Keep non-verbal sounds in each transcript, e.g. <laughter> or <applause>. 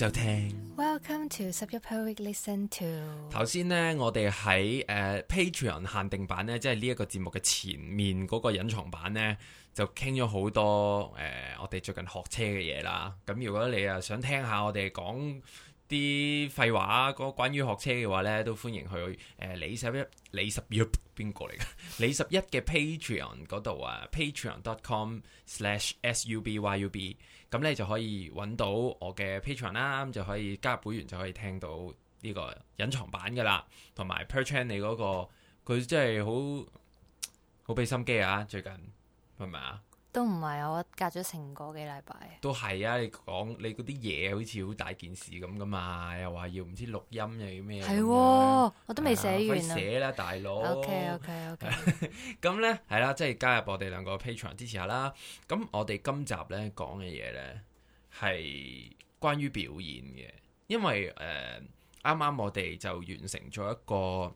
就聽。Welcome to 十一 per week listen to。頭先呢，我哋喺誒 Patreon 限定版呢，即係呢一個節目嘅前面嗰個隱藏版呢，就傾咗好多誒，uh, 我哋最近學車嘅嘢啦。咁如果你啊想聽下我哋講啲廢話、啊，嗰關於學車嘅話呢，都歡迎去誒、uh, 李十一、李十一邊個嚟噶？ <laughs> 李十一嘅、uh, Patreon 嗰度啊，Patreon.com/subyub。咁你就可以揾到我嘅 Patreon 啦，咁就可以加入會員就可以聽到呢個隱藏版噶啦，同埋 Per Chan 你嗰、嗰個佢真係好好俾心機啊，最近係咪啊？都唔係，我隔咗成個幾禮拜，啊。都係啊！你講你嗰啲嘢好似好大件事咁噶嘛？又話要唔知錄音又要咩？係喎、哦，我都未寫完啦，啊。可寫啦，大佬。OK OK OK。 <laughs> 咁咧係啦，即係加入我哋兩個 Patreon 支持下啦。咁我哋今集咧講嘅嘢咧係關於表演嘅，因為誒啱啱我哋就完成咗一個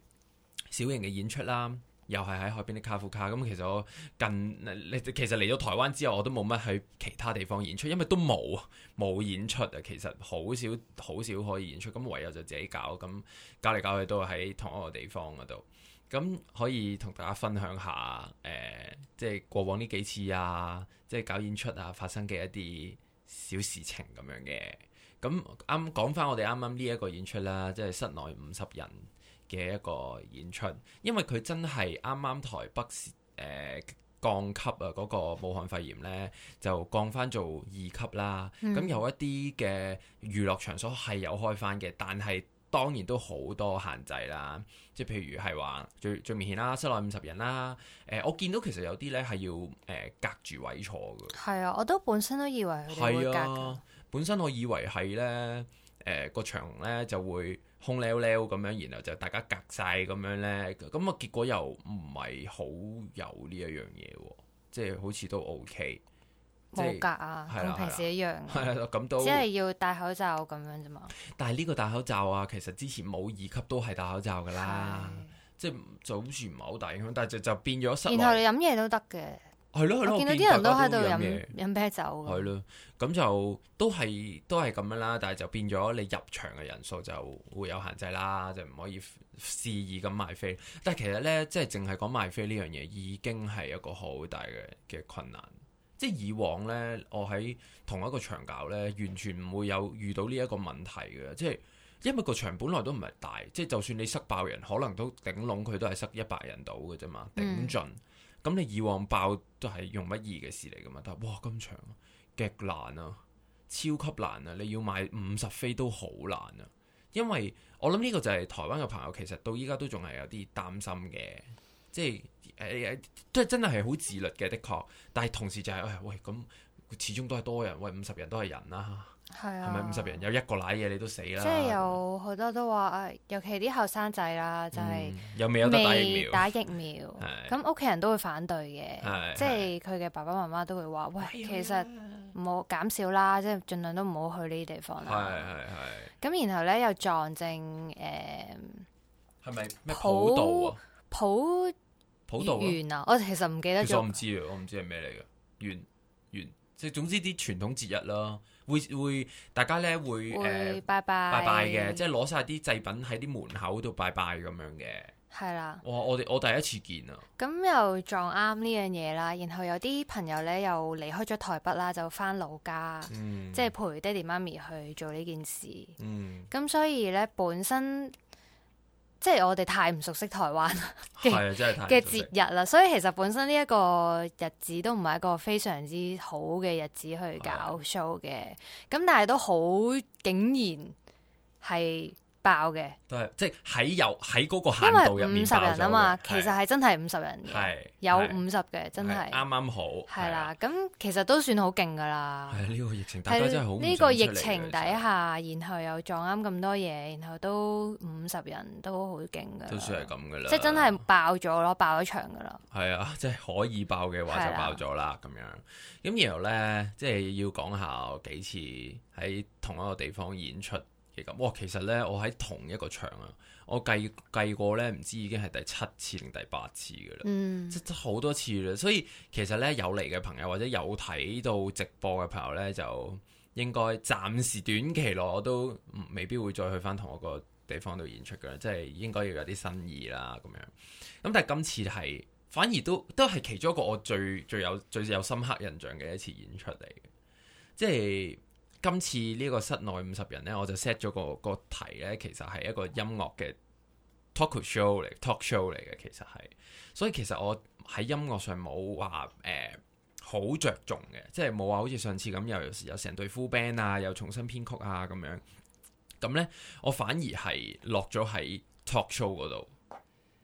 小型嘅演出啦。又係喺海邊啲卡夫卡咁，其實我近其實嚟到台灣之後，我都冇乜去其他地方演出，因為都冇冇演出啊。其實好少好少可以演出，咁唯有就自己搞，咁搞嚟搞去都係喺同一個地方嗰度。咁可以同大家分享下，誒、呃，即係過往呢幾次啊，即係搞演出啊，發生嘅一啲小事情咁樣嘅。咁啱講翻我哋啱啱呢一個演出啦，即係室內五十人，嘅一個演出，因為佢真係啱啱台北誒、呃、降級啊，嗰個武漢肺炎呢，就降翻做二級啦。咁、嗯、有一啲嘅娛樂場所係有開翻嘅，但係當然都好多限制啦。即係譬如係話最最明顯啦，室內五十人啦。誒、呃，我見到其實有啲呢係要誒、呃、隔住位坐㗎。係啊，我都本身都以為係啊，本身我以為係呢。誒、呃，個場咧就會空溜溜咁樣，然後就大家隔晒咁樣咧，咁啊結果又唔係好有呢一樣嘢，即係好似都 O K 冇隔啊，咁即平時一樣係啊，咁 <laughs> 都只係要戴口罩咁樣啫嘛。但係呢個戴口罩啊，其實之前冇二級都係戴口罩噶啦，的即係早時唔係好大影響，但係就就變咗然後你飲嘢都得嘅。係咯，係咯，我見到啲人都喺度飲啤酒。係咯，咁就都係都係咁樣啦。但係就變咗你入場嘅人數就會有限制啦，就唔可以肆意咁賣飛。但係其實呢，即係淨係講賣飛呢樣嘢，已經係一個好大嘅嘅困難。即係以往呢，我喺同一個場搞呢，完全唔會有遇到呢一個問題嘅。即係因為個場本來都唔係大，即係就算你塞爆人，可能都頂籠佢都係塞一百人到嘅啫嘛，頂盡、嗯。咁你以往爆都係用乜嘢嘅事嚟噶嘛？但係哇咁長，極難啊，超級難啊！你要買五十飛都好難啊，因為我諗呢個就係台灣嘅朋友其實到依家都仲係有啲擔心嘅，即係誒誒，即、哎、係、哎、真係係好自律嘅，的確。但係同時就係、喂、喂咁，始終都係多人，喂五十人都係人啦、啊。係啊，係咪五十人有一個瀨嘢你都死啦！即係有好多都話，尤其啲後生仔啦，就係有未有得打疫苗，打疫苗咁屋企人都會反對嘅，即係佢嘅爸爸媽媽都會話：，喂、哎呀，其實唔好減少啦，哎、呀即係盡量都唔好去呢啲地方啦。係係係。咁然後咧又撞正誒，係、嗯、咪普渡啊？普普渡完啊！我、啊啊、其實唔記得咗，我唔知啊，我唔知係咩嚟嘅，完完即係總之啲傳統節日啦。會會大家咧會誒會、呃、拜拜嘅，即係攞晒啲祭品喺啲門口度拜拜咁樣嘅，係啦。我、我哋我第一次見啊。咁又撞啱呢樣嘢啦，然後有啲朋友咧又離開咗台北啦，就返老家，即係、嗯、陪爹哋媽咪去做呢件事。嗯。咁所以咧，本身。即係我哋太唔熟悉台灣嘅節日啦，所以其實本身呢一個日子都唔係一個非常之好嘅日子去搞 show 嘅，咁但係都好竟然係。爆嘅，都係即係喺有喺嗰個限度入面爆咗嘅。因為係五十人吖嘛。其實係真係五十人，係有五十嘅真係，啱啱好係啦。咁其實都算好勁噶啦。係呢個疫情，大家真係好呢個疫情底下，然後又撞啱咁多嘢，然後都五十人都好勁噶，都算係咁噶啦。即係真係爆咗咯，爆咗場噶啦。係啊，即係可以爆嘅話就爆咗啦。咁樣咁然後咧，即係要講下幾次喺同一個地方演出。其實呢，我喺同一個場啊，我計計過呢，唔知已經係第七次定第八次㗎喇，嗯，即好多次啦。所以其實呢，有嚟嘅朋友或者有睇到直播嘅朋友呢，就應該暫時短期內我都未必會再去返同一個地方度演出㗎喇，即係應該要有啲新意啦咁樣。咁但係今次係反而都都係其中一個我最最有最有深刻印象嘅一次演出嚟嘅，即係。今次呢個室內五十人呢，我就 set 咗個個題呢，其實係一個音樂嘅 talk show 嚟，talk show 嚟嘅。其實係，所以其實我喺音樂上冇話誒好着重嘅，即係冇話好似上次咁，有有成隊 full band 啊，又重新編曲啊咁樣。咁呢，我反而係落咗喺 talk show 嗰度。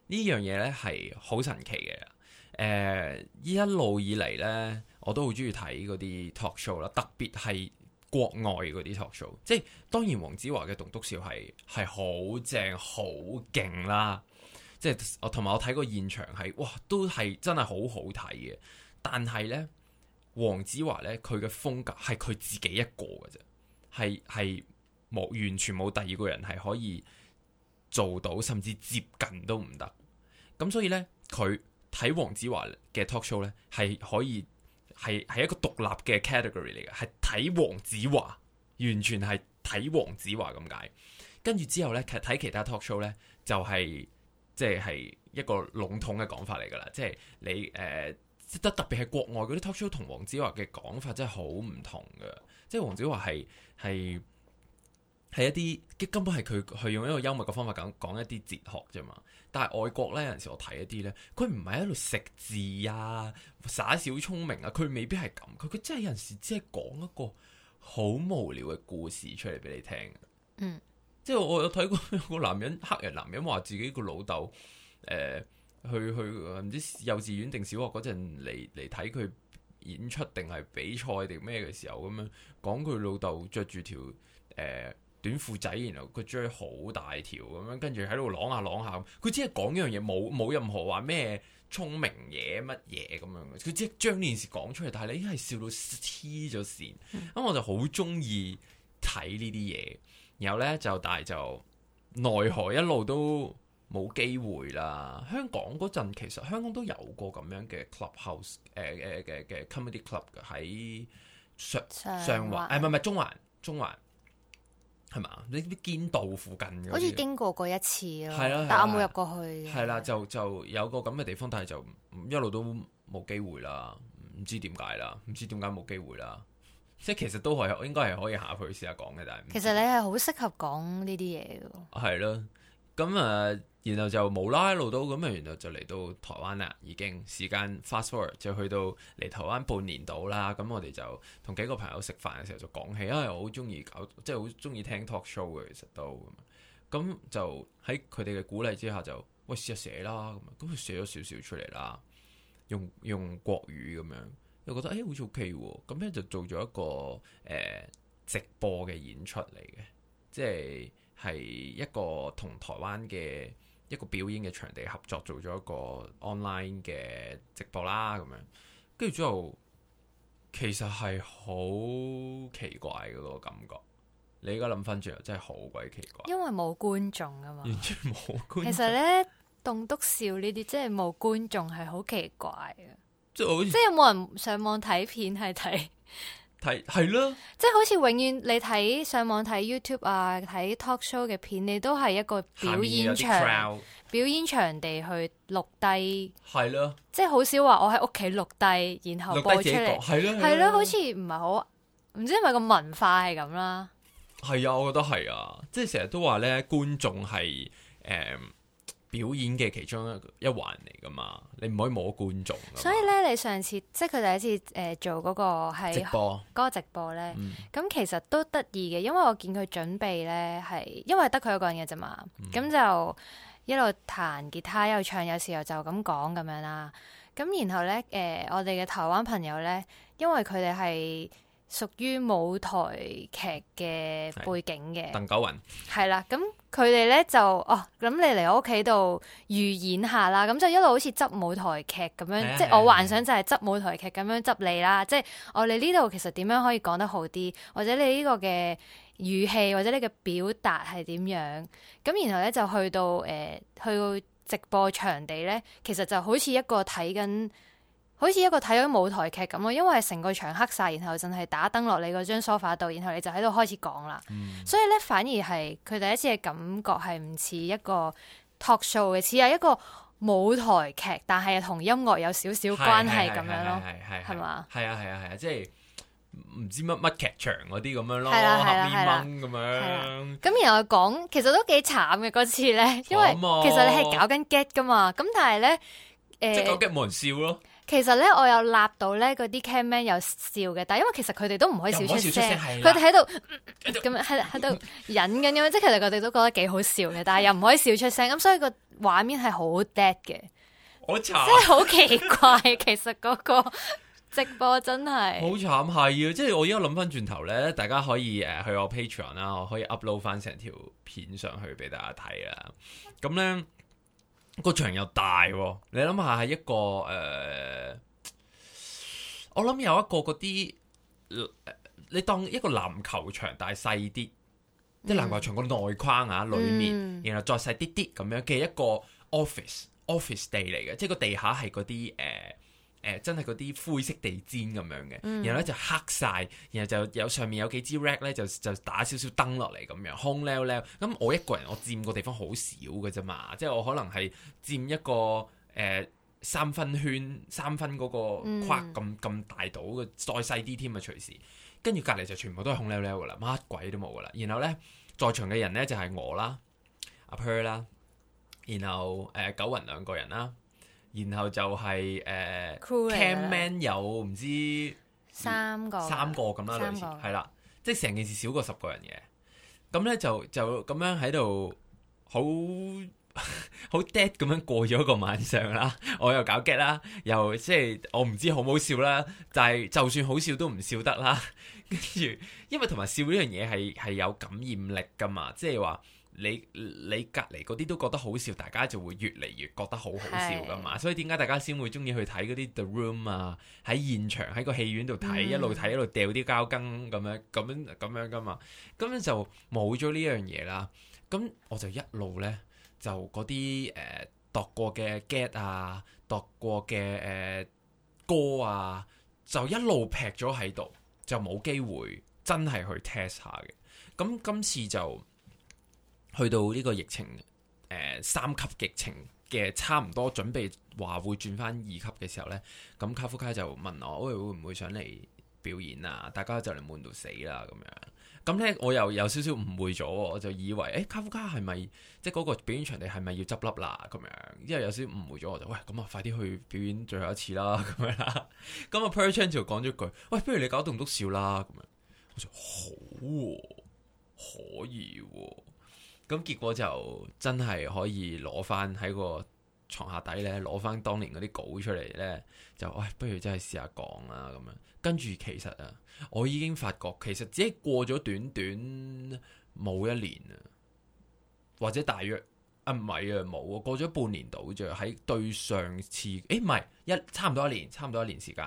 呢樣嘢呢係好神奇嘅。誒、呃，一路以嚟呢，我都好中意睇嗰啲 talk show 啦，特別係。國外嗰啲 talk show，即係當然黃子華嘅棟篤笑係係好正好勁啦，即係我同埋我睇過現場係哇，都係真係好好睇嘅。但係呢，黃子華呢，佢嘅風格係佢自己一個嘅啫，係係冇完全冇第二個人係可以做到，甚至接近都唔得。咁所以呢，佢睇黃子華嘅 talk show 呢，係可以。係係一個獨立嘅 category 嚟嘅，係睇黃子華，完全係睇黃子華咁解。跟住之後呢，其實睇其他 talk show 呢，就係即係一個籠統嘅講法嚟噶啦即係你誒，即得特別係國外嗰啲 talk show 同黃子華嘅講法真係好唔同嘅。即係黃子華係係係一啲根本係佢佢用一個幽默嘅方法講講一啲哲學啫嘛。但係外國咧，有陣時我睇一啲咧，佢唔係喺度食字啊、耍小聰明啊，佢未必係咁，佢佢真係有陣時只係講一個好無聊嘅故事出嚟俾你聽。嗯，即係我有睇過個男人黑人男人話自己個老豆誒去去唔知幼稚園定小學嗰陣嚟嚟睇佢演出定係比賽定咩嘅時候，咁樣講佢老豆着住條誒，呃短褲仔，然後佢追好大條咁樣，跟住喺度攞下攞下，佢只係講一樣嘢，冇冇任何話咩聰明嘢乜嘢咁樣嘅，佢只係將呢件事講出嚟。但係你已經係笑到黐咗線，咁、嗯、我就好中意睇呢啲嘢。然後呢，就但係就奈何一路都冇機會啦。香港嗰陣其實香港都有過咁樣嘅 clubhouse，誒誒嘅嘅 comedy club 嘅喺、呃呃呃、上環上環，唔係唔係中環中環。係嘛？呢啲堅道附近嘅好似經過過一次咯，啊啊、但我冇入過去。係啦，就就有個咁嘅地方，但係就一路都冇機會啦，唔知點解啦，唔知點解冇機會啦。即係其實都係，應該係可以下去試下講嘅，但係其實你係好適合講呢啲嘢嘅。係啦、啊。咁啊，然後就無啦一路到。咁啊，然後就來就嚟到台灣啦，已經時間 fast forward 就去到嚟台灣半年度啦。咁我哋就同幾個朋友食飯嘅時候就講起，因、哎、為我好鍾意搞，即係好鍾意聽 talk show 嘅，其實都咁。咁就喺佢哋嘅鼓勵之下就，喂試試就喂試下寫啦。咁佢寫咗少少出嚟啦，用用國語咁樣，又覺得誒、哎、好似 OK 喎。咁咧就做咗一個誒、呃、直播嘅演出嚟嘅，即係。係一個同台灣嘅一個表演嘅場地合作做咗一個 online 嘅直播啦，咁樣跟住之後，其實係好奇怪嗰個感覺。你而家諗翻轉頭，真係好鬼奇怪。因為冇觀眾啊嘛， <laughs> 完全冇觀眾。 <laughs> 其實咧，棟篤笑呢啲即係冇觀眾係好奇怪嘅， <laughs> 好似即係有冇人上網睇片係睇。係咯，即係好似永遠你睇上網睇 YouTube 啊，睇 talk show 嘅片，你都係一個表演場表演場地去錄低，係咯了，即係好少話我喺屋企錄低然後播出。自己係咯，係咯，好似唔係好唔知係咪個文化係咁啦。係啊，我覺得係啊，即係成日都話咧觀眾係誒。嗯表演嘅其中一一環嚟㗎嘛，你唔可以摸觀眾。所以咧，你上次即係佢第一次誒、呃、做嗰個係直播嗰個直播咧，咁、嗯嗯嗯、其實都得意嘅，因為我見佢準備咧係，因為得佢一個人嘅啫嘛，咁、嗯、就一路彈吉他，一路唱，有時候就咁講咁樣啦。咁然後咧，誒、呃、我哋嘅台灣朋友咧，因為佢哋係。屬於舞台劇嘅背景嘅，鄧九雲係啦。咁佢哋咧就哦，咁你嚟我屋企度預演下啦。咁就一路好似執舞台劇咁樣，的即係我幻想就係執舞台劇咁樣執你啦。的即係我哋呢度其實點樣可以講得好啲，或者你呢個嘅語氣，或者你嘅表達係點樣？咁然後咧就去到誒、呃、去到直播場地咧，其實就好似一個睇緊。好似一個睇緊舞台劇咁咯，因為成個場黑晒，然後陣係打燈落你嗰張 s o 度，然後你就喺度開始講啦。所以咧，反而係佢第一次嘅感覺係唔似一個託數嘅，似係一個舞台劇，但係同音樂有少少關係咁樣咯，係嘛？係啊係啊係啊，即係唔知乜乜劇場嗰啲咁樣咯，黑煙燻咁樣。咁然後講其實都幾慘嘅嗰次咧，因為其實你係搞緊 get 噶嘛，咁但係咧，誒即係搞 g e 人笑咯。其實咧，我有立到咧嗰啲 cameraman 有笑嘅，但係因為其實佢哋都唔可以笑出聲，佢哋喺度咁樣喺喺度忍緊咁樣，即係其實佢哋都覺得幾好笑嘅，但係又唔可以笑出聲，咁 <laughs> 所以個畫面係好 dead 嘅，好慘查，即係好奇怪。 <laughs> 其實嗰個直播真係好 <laughs> 慘，係啊！即係我而家諗翻轉頭咧，大家可以誒去我 Patreon 啦，我可以 upload 翻成條片上去俾大家睇啊！咁咧。個場又大、哦，你諗下係一個誒、呃？我諗有一個嗰啲、呃，你當一個籃球場但係細啲，即係籃球場個內框啊，裏、嗯、面然後再細啲啲咁樣嘅一個 office、嗯、office 地嚟嘅，即係個地下係嗰啲誒。呃誒、呃、真係嗰啲灰色地氈咁樣嘅，然後咧就黑晒，然後就有上面有幾支 rack 咧就就打少少燈落嚟咁樣，空溜溜咁，我一個人我佔個地方好少嘅啫嘛，即係我可能係佔一個誒、呃、三分圈三分嗰個框咁咁大到嘅，再細啲添啊隨時。跟住隔離就全部都係空溜溜嘅啦，乜鬼都冇嘅啦。然後咧，在場嘅人咧就係、是、我啦、阿 Per 啦，然後誒九雲兩個人啦。然後就係誒 c man 有唔知三個、呃、三個咁啦，類似係啦，即係成件事少過十個人嘅。咁咧就就咁樣喺度好好 <laughs> dead 咁樣過咗一個晚上啦。我又搞 get 啦，又即係我唔知好唔好笑啦。但係 <laughs> 就，就算好笑都唔笑得啦。跟住因為同埋笑呢樣嘢係係有感染力㗎嘛，即係話。你你隔離嗰啲都覺得好笑，大家就會越嚟越覺得好好笑噶嘛，是所以點解大家先會中意去睇嗰啲 The Room 啊？喺現場喺個戲院度睇，一路睇一路掉啲膠羹咁樣咁樣咁樣噶嘛，咁樣就冇咗呢樣嘢啦。咁我就一路呢，就嗰啲誒度過嘅 get 啊，度過嘅誒、呃、歌啊，就一路劈咗喺度，就冇機會真係去 test 下嘅。咁今次就。去到呢個疫情誒、呃、三級疫情嘅差唔多準備話會轉翻二級嘅時候呢，咁卡夫卡就問我，喂，會唔會上嚟表演啊？大家就嚟悶到死啦咁樣。咁呢，我又有少少誤會咗，我就以為誒、欸、卡夫卡係咪即係嗰個表演場地係咪要執笠啦？咁樣，因為有少少誤會咗，我就喂，咁啊，快啲去表演最後一次啦咁樣啦。咁 <laughs> 啊 Per Chan 就 o 講咗句，喂，不如你搞棟篤笑啦咁樣。我就好、啊，可以、啊。咁結果就真係可以攞翻喺個床下底咧，攞翻當年嗰啲稿出嚟咧，就唉、哎，不如真係試下講啦咁樣。跟住其實啊，我已經發覺其實只係過咗短短冇一年啊，或者大約啊唔係啊冇、啊、過咗半年到啫。喺對上次，誒唔係一差唔多一年，差唔多一年時間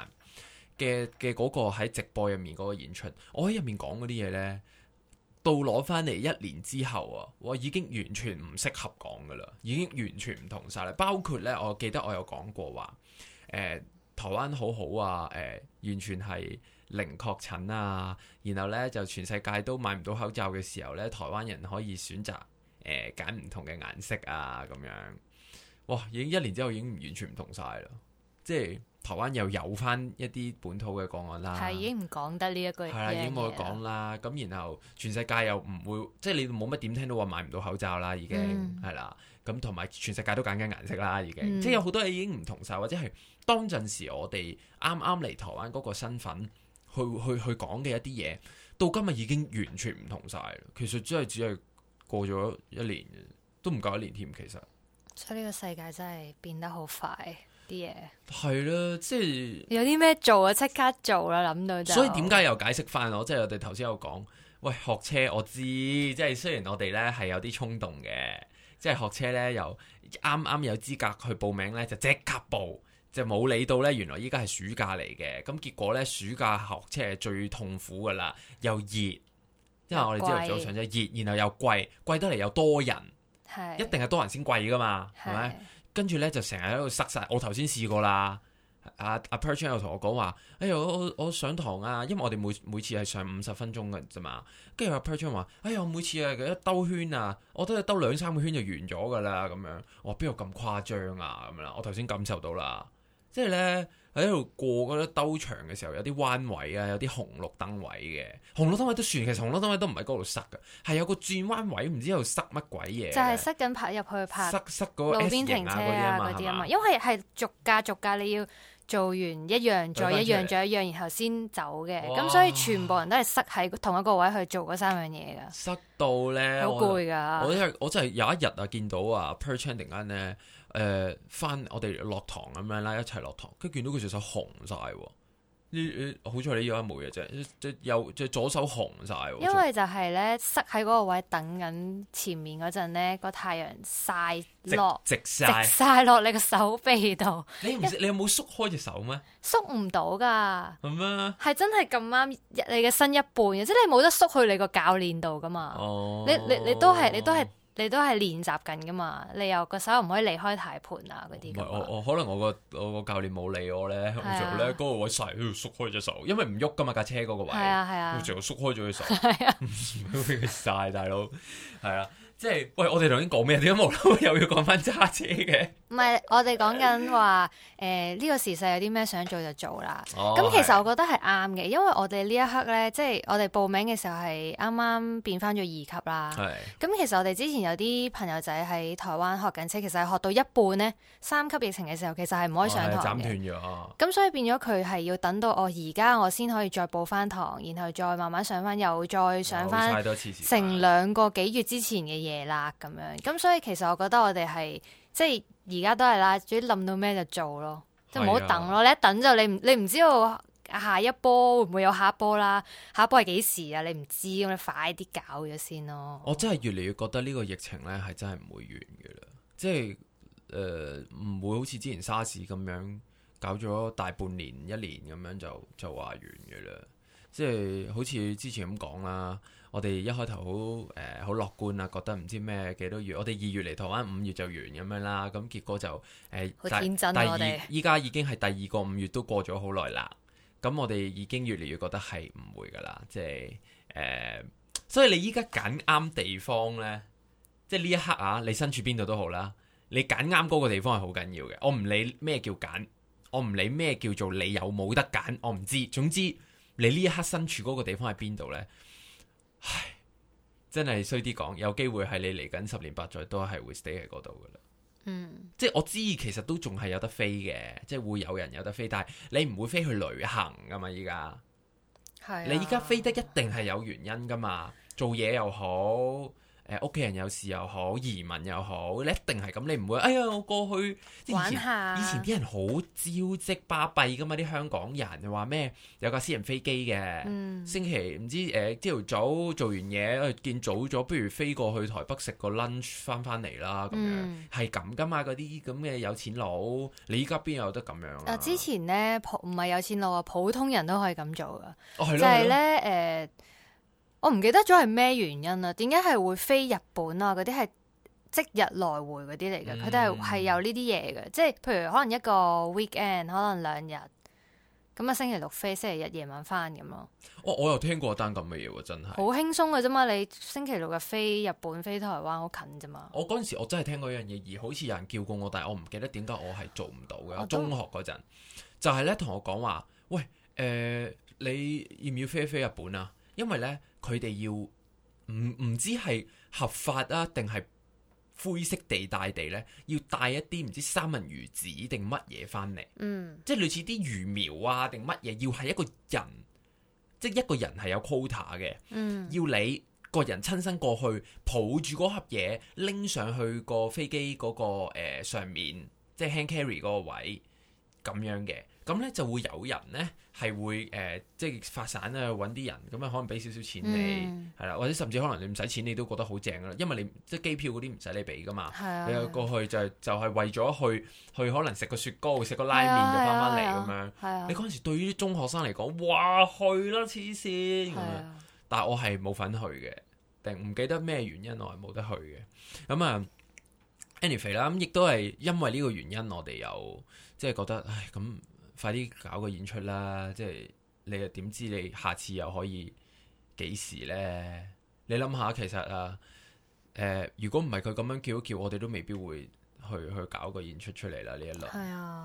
嘅嘅嗰個喺直播入面嗰個演出，我喺入面講嗰啲嘢咧。到攞返嚟一年之後啊，我已經完全唔適合講㗎喇，已經完全唔同晒啦。包括呢，我記得我有講過話，誒、欸、台灣好好啊，誒、欸、完全係零確診啊，然後呢，就全世界都買唔到口罩嘅時候呢，台灣人可以選擇誒揀唔同嘅顏色啊，咁樣，哇！已經一年之後已經完全唔同晒咯，即係。台灣又有翻一啲本土嘅個案啦，係已經唔講得呢一句嘅，係啦已經冇講啦。咁、嗯、然後全世界又唔會，即係你冇乜點聽到話買唔到口罩啦，已經係啦。咁同埋全世界都揀緊顏色啦，已經、嗯、即係有好多嘢已經唔同晒。或者係當陣時我哋啱啱嚟台灣嗰個身份，去去去講嘅一啲嘢，到今日已經完全唔同晒。其實只係只係過咗一年，都唔夠一年添。其實，所以呢個世界真係變得好快。啲嘢係啦，即係有啲咩做啊？即刻做啦，諗到所以點解又解釋翻我？即係我哋頭先有講，喂，學車我知，即係雖然我哋咧係有啲衝動嘅，即係學車咧又啱啱有資格去報名咧就即刻報，就冇理到咧原來依家係暑假嚟嘅，咁結果咧暑假學車係最痛苦噶啦，又熱，又貴因為我哋朝早上車熱，然後又貴，貴得嚟又多人，係是一定係多人先貴噶嘛，係咪的？跟住咧就成日喺度塞晒。我頭先試過啦。阿、啊、阿 Per Chan 又同我講話，哎呀我我，我上堂啊，因為我哋每每次係上五十分鐘嘅啫嘛。跟住阿 Per Chan 話，哎呀我每次啊一兜圈啊，我都係兜兩三個圈就完咗噶啦咁樣。我話邊有咁誇張啊咁樣，我頭先感受到啦，即係咧。喺度過嗰兜場嘅時候，有啲彎位啊，有啲紅綠燈位嘅，紅綠燈位都算，其實紅綠燈位都唔係嗰度塞嘅，係有個轉彎位，唔知喺度塞乜鬼嘢。就係塞緊泊入去泊塞進進去塞嗰路邊停車嗰啲啊嘛，因為係逐架逐架你要。做完一樣，再一樣，再一樣，然後先走嘅。咁哇所以全部人都係塞喺同一個位去做嗰三樣嘢噶。塞到咧，好攰噶。我真係有一日啊，見到啊，Per Chan 突然間咧，誒、呃，翻我哋落堂咁樣啦，一齊落堂，跟住見到佢成身紅晒喎。好彩你有一冇嘅啫，即右，即左手紅曬。因為就係咧，塞喺嗰個位等緊前面嗰陣咧，個太陽曬落直，直曬直曬落你個手臂度。你唔你有冇縮開隻手咩？縮唔到噶。係咩？係真係咁啱你嘅身一半，即係你冇得縮去你個教練度噶嘛。哦，你你你都係你都係。你都係練習緊噶嘛？你又個手唔可以離開軚盤啊？嗰啲我我可能我個我個教練冇理我咧，咁就咧嗰個位晒，縮開隻手，因為唔喐噶嘛架車嗰個位，係啊係啊，仲縮、啊、開咗隻手，係啊，俾佢晒 <laughs> <laughs> 大佬，係啊，即係喂，我哋頭先講咩？點解無啦啦又要講翻揸車嘅？唔係， <laughs> 我哋講緊話，誒、呃、呢、呢個時勢有啲咩想做就做啦。咁、oh, 嗯、其實我覺得係啱嘅，因為我哋呢一刻咧，即係我哋報名嘅時候係啱啱變翻咗二級啦。咁、oh, yes. 嗯、其實我哋之前有啲朋友仔喺台灣學緊車，其實係學到一半咧，三級疫情嘅時候其實係唔可以上堂。Oh, yes. 斬斷咗。咁、嗯、所以變咗佢係要等到我而家我先可以再報翻堂，然後再慢慢上翻，又再上翻。成兩個幾月之前嘅嘢啦，咁樣。咁、嗯嗯、所以其實我覺得我哋係即係。而家都係啦，總之冧到咩就做咯，即係唔好等咯。是啊、你一等就你唔你唔知道下一波會唔會有下一波啦，下一波係幾時啊？你唔知咁，你快啲搞咗先咯。我真係越嚟越覺得呢個疫情咧係真係唔會完嘅啦，即係誒唔會好似之前沙士 r s 咁樣搞咗大半年一年咁樣就就話完嘅啦，即係好似之前咁講啦。我哋一開頭好誒，好、呃、樂觀啊，覺得唔知咩幾多月，我哋二月嚟台灣，五月就完咁樣啦。咁結果就誒，呃、第二依家已經係第二個五月都過咗好耐啦。咁我哋已經越嚟越覺得係唔會噶啦，即係誒，所以你依家揀啱地方咧，即係呢一刻啊，你身處邊度都好啦，你揀啱嗰個地方係好緊要嘅。我唔理咩叫揀，我唔理咩叫做你有冇得揀，我唔知。總之你呢一刻身處嗰個地方喺邊度咧？唉，真係衰啲講，有機會係你嚟緊十年八載都係會 stay 喺嗰度噶啦。嗯，即係我知，其實都仲係有得飛嘅，即係會有人有得飛，但係你唔會飛去旅行噶嘛。依家係你依家飛得一定係有原因噶嘛？做嘢又好。誒屋企人有事又好，移民又好，你一定係咁，你唔會。哎呀，我過去玩下。以前啲人好招積巴閉噶嘛，啲香港人話咩？有架私人飛機嘅，嗯、星期唔知誒朝頭早做完嘢、啊，見早咗，不如飛過去台北食個 lunch，翻翻嚟啦咁樣。係咁噶嘛，嗰啲咁嘅有錢佬，你依家邊有得咁樣啊？啊，之前咧普唔係有錢佬啊，普通人都可以咁做噶，啊、就係咧誒。呃我唔記得咗係咩原因啦，點解係會飛日本啊？嗰啲係即日來回嗰啲嚟嘅，佢哋係係有呢啲嘢嘅，即係譬如可能一個 weekend 可能兩日，咁啊星期六飛，星期日夜晚返咁咯。我又聽過單咁嘅嘢，真係好輕鬆㗎啫嘛！你星期六日飛日本飛台灣好近啫嘛。我嗰陣時我真係聽過一樣嘢，而好似有人叫過我，但係我唔記得點解我係做唔到嘅。我我中學嗰陣也就係咧，同我講話，喂，誒、呃，你要唔要飛一飛日本啊？因為咧，佢哋要唔唔知係合法啦、啊，定係灰色地帶地呢，要帶一啲唔知三文魚子定乜嘢翻嚟，嗯，即係類似啲魚苗啊定乜嘢，要係一個人，即係一個人係有 quota 嘅，嗯，要你個人親身過去抱住嗰盒嘢拎上去個飛機嗰、嗰個、呃、上面，即係 hand carry 嗰個位咁樣嘅。咁咧就會有人咧係會誒、呃，即係發散咧揾啲人，咁啊可能俾少少錢你係啦，或者、嗯、甚至可能你唔使錢，你都覺得好正噶啦，因為你即係機票嗰啲唔使你俾噶嘛，啊、你去過去就係、是啊、就係為咗去去可能食個雪糕、食個拉麵就翻翻嚟咁樣。啊啊啊啊、你嗰陣時對於中學生嚟講，哇去啦黐線咁樣，啊啊、但係我係冇份去嘅，定唔記得咩原因我係冇得去嘅。咁啊，anyway 啦，咁亦都係因為呢個原因，我哋有即係、就是、覺得唉咁。唉唉唉唉快啲搞個演出啦！即係你又點知你下次又可以幾時呢？你諗下，其實啊、呃，如果唔係佢咁樣叫一叫，我哋都未必會去去搞個演出出嚟啦。呢一輪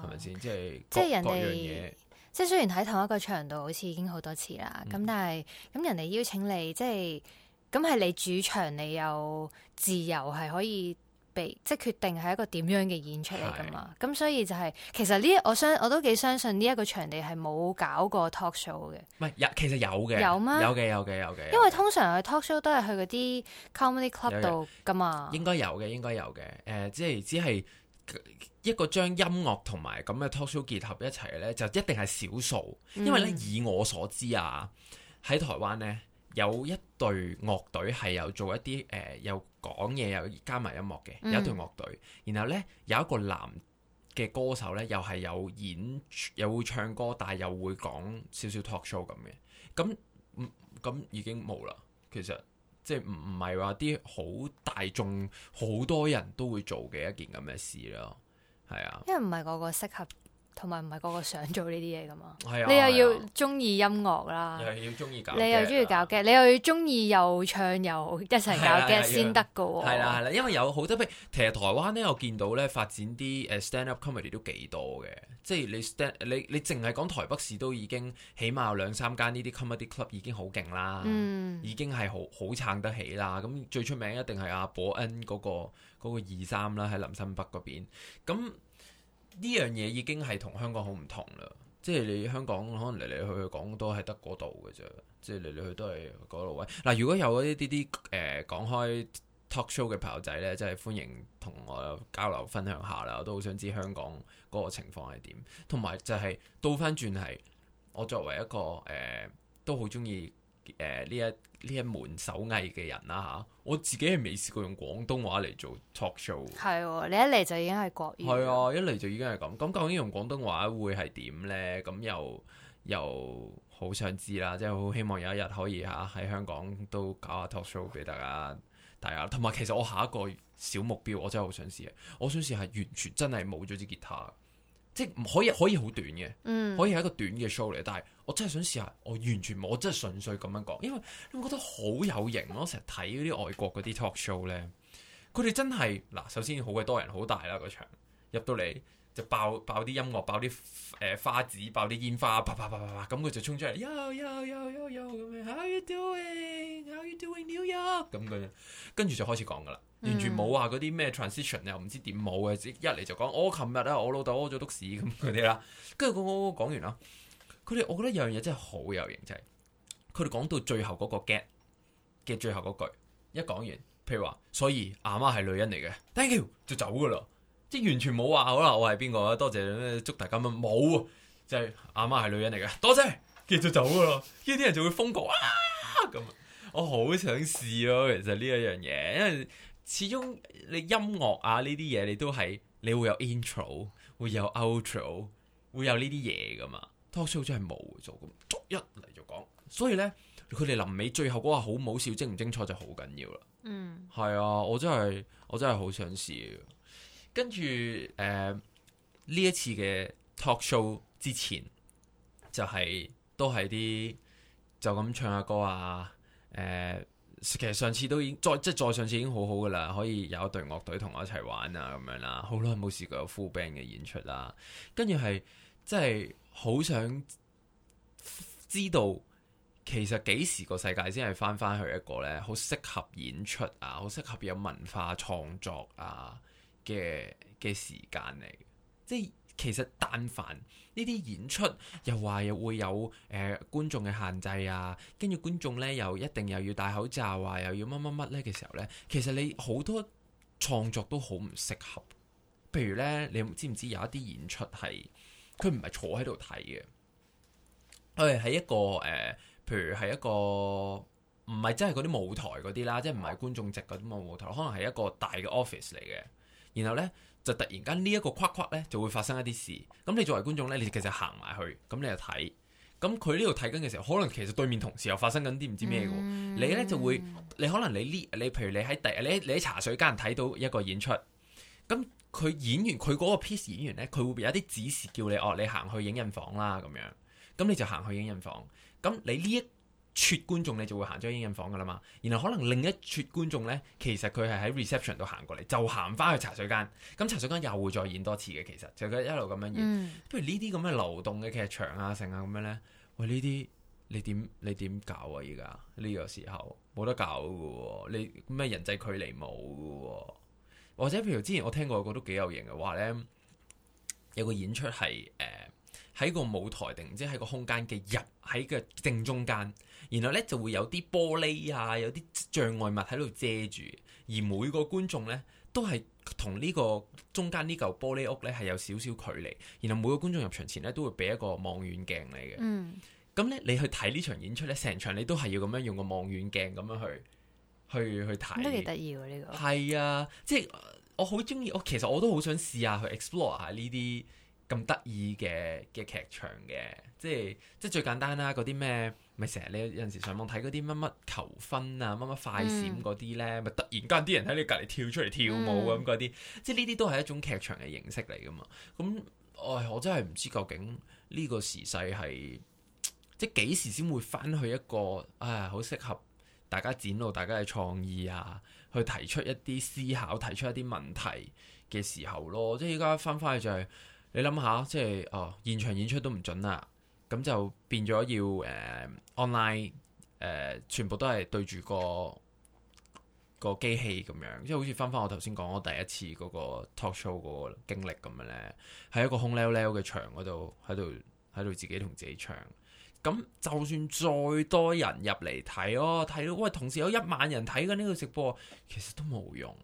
係咪先？即係即係人哋，樣即係雖然喺同一個場度，好似已經好多次啦。咁、嗯、但係咁人哋邀請你，即係咁係你主場，你有自由係可以。即係決定係一個點樣嘅演出嚟㗎嘛，咁是所以就係、是、其實呢，我相我都幾相信呢一個場地係冇搞過 talk show 嘅。唔係，其實有嘅嗎，有咩？有嘅，有嘅，有嘅。因為通常去 talk show 都係去嗰啲 comedy club 度㗎的嘛應。應該有嘅，應該有嘅。誒，即係只係一個將音樂同埋咁嘅 talk show 結合一齊咧，就一定係少數。嗯、因為咧，以我所知啊，喺台灣咧有一隊樂隊係有做一啲誒、呃、有。講嘢又加埋音樂嘅，有一隊樂隊，嗯、然後呢，有一個男嘅歌手呢，又係有演又會唱歌，但係又會講少少 talk show 咁嘅，咁咁、嗯、已經冇啦。其實即係唔唔係話啲好大眾好多人都會做嘅一件咁嘅事咯，係啊，因為唔係個個適合。同埋唔係個個想做呢啲嘢噶嘛？哎、呀你又要中意音樂啦，啦你又要中意搞劇，你又中意搞劇，你又要中意又唱又一齊搞劇先得噶喎。係啦，係啦，因為有好多譬如其實台灣咧，我見到咧發展啲誒 stand up comedy 都幾多嘅，即係你 stand 你你淨係講台北市都已經起碼有兩三間呢啲 comedy club 已經好勁啦，嗯、已經係好好撐得起啦。咁最出名一定係阿博恩嗰、那個嗰、那個二三啦，喺林森北嗰邊咁。呢樣嘢已經係同香港好唔同啦，即係你香港可能嚟嚟去去講都係得嗰度嘅啫，即係嚟嚟去都係嗰度位。嗱、啊，如果有呢啲啲誒講開 talk show 嘅朋友仔呢，即係歡迎同我交流分享下啦，我都好想知香港嗰個情況係點，同埋就係倒翻轉係我作為一個誒、呃，都好中意。誒呢、呃、一呢一門手藝嘅人啦嚇、啊，我自己係未試過用廣東話嚟做 talk show、哦。係你一嚟就已經係國語。係啊，一嚟就已經係咁。咁究竟用廣東話會係點咧？咁又又好想知啦，即係好希望有一日可以嚇喺、啊、香港都搞下 talk show 俾大家睇下。同埋其實我下一個小目標，我真係好想試啊！我想試係完全真係冇咗支吉他。即係唔可以可以好短嘅，可以係、mm. 一個短嘅 show 嚟。但係我真係想試下，我完全冇，我真係純粹咁樣講，因為你會覺得好有型咯、啊。成日睇嗰啲外國嗰啲 talk show 咧，佢哋真係嗱，首先好鬼多人，好大啦個場，入到嚟就爆爆啲音樂，爆啲誒花紙，爆啲、呃、煙花，啪啪啪啪啪咁佢就衝出嚟，Yo yo yo yo yo，咁樣 How are you doing？How are you doing？New York？咁跟住就開始講㗎啦。完全冇話嗰啲咩 transition 又唔知點冇嘅，一嚟就講我琴日啊我老豆屙咗督屎咁嗰啲啦，跟住佢講完啦，佢哋我覺得有樣嘢真係好有型就係，佢哋講到最後嗰個 get 嘅最後嗰句一講完，譬如話所以阿媽係女人嚟嘅 <laughs> ，thank you 就走噶啦，即係完全冇話好啦，我係邊個啊，多謝祝大家冇啊，就係阿媽係女人嚟嘅，多謝，跟住、繼續、走噶啦，呢啲 <laughs> 人就會瘋狂啊咁，我好想試咯、啊，其實呢一樣嘢，因為。始終你音樂啊呢啲嘢你都係你會有 intro 會有 outro 會有呢啲嘢㗎嘛、mm. talk show 真係冇做咁，一嚟就講，所以咧佢哋臨尾最後嗰個好唔好笑精唔精彩就好緊要啦。嗯，係啊，我真係我真係好想笑。跟住誒呢一次嘅 talk show 之前就係、是、都係啲就咁唱下歌啊誒。呃其實上次都已經再即係再上次已經好好噶啦，可以有一隊樂隊同我一齊玩啊咁樣啦，好耐冇試過有 full band 嘅演出啦。跟住係即係好想知道，其實幾時個世界先係返返去一個呢？好適合演出啊，好適合有文化創作啊嘅嘅時間嚟即係。其實，但凡呢啲演出又話又會有誒、呃、觀眾嘅限制啊，跟住觀眾呢，又一定又要戴口罩啊，又要乜乜乜呢嘅時候呢，其實你好多創作都好唔適合。譬如呢，你知唔知有一啲演出係佢唔係坐喺度睇嘅，佢係一個誒、呃，譬如係一個唔係真係嗰啲舞台嗰啲啦，即係唔係觀眾席嗰啲舞台，可能係一個大嘅 office 嚟嘅，然後呢，就突然間呢一個框框咧，就會發生一啲事。咁你作為觀眾咧，你其實行埋去，咁你就睇。咁佢呢度睇緊嘅時候，可能其實對面同時又發生緊啲唔知咩嘅。嗯、你咧就會，你可能你呢，你譬如你喺第，你你喺茶水間睇到一個演出。咁佢演員，佢嗰個 piece 演員咧，佢會有啲指示叫你哦，你行去影印房啦咁樣。咁你就行去影印房。咁你呢一撮觀眾你就會行咗影印房噶啦嘛，然後可能另一撮觀眾咧，其實佢係喺 reception 度行過嚟，就行翻去茶水間，咁茶水間又會再演多次嘅，其實就係一路咁樣演。不、嗯、如呢啲咁嘅流動嘅劇場啊，成啊咁樣咧，喂呢啲你點你點搞啊？而家呢個時候冇得搞嘅喎，你咩人際距離冇嘅喎，或者譬如之前我聽過一個都幾有型嘅，話咧有個演出係誒喺個舞台定唔知喺個空間嘅入喺個正中間。然後呢，就會有啲玻璃啊，有啲障礙物喺度遮住，而每個觀眾呢，都係同呢個中間呢嚿玻璃屋呢係有少少距離。然後每個觀眾入場前呢，都會俾一個望遠鏡你嘅。嗯，咁呢你去睇呢場演出呢，成場你都係要咁樣用個望遠鏡咁樣去去去睇，都幾得意喎呢個。係啊，即係我好中意，我其實我都好想試下去 explore 下呢啲。咁得意嘅嘅劇場嘅，即係即係最簡單啦。嗰啲咩咪成日你有陣時上網睇嗰啲乜乜求婚啊，乜乜快閃嗰啲呢？咪、嗯、突然間啲人喺你隔離跳出嚟跳舞咁嗰啲，嗯、即係呢啲都係一種劇場嘅形式嚟㗎嘛。咁唉、哎，我真係唔知究竟呢個時勢係即係幾時先會返去一個啊，好適合大家展露大家嘅創意啊，去提出一啲思考，提出一啲問題嘅時候咯。即係而家返返去就係、是。你諗下，即係哦，現場演出都唔准啦，咁就變咗要誒、uh, online 誒、uh，全部都係對住個個機器咁樣，即係好似翻翻我頭先講我第一次嗰個 talk show 嗰個經歷咁樣咧，喺一個空溜溜嘅場嗰度，喺度喺度自己同自己唱，咁就算再多人入嚟睇哦，睇到喂，同時有一萬人睇緊呢個直播，其實都冇用，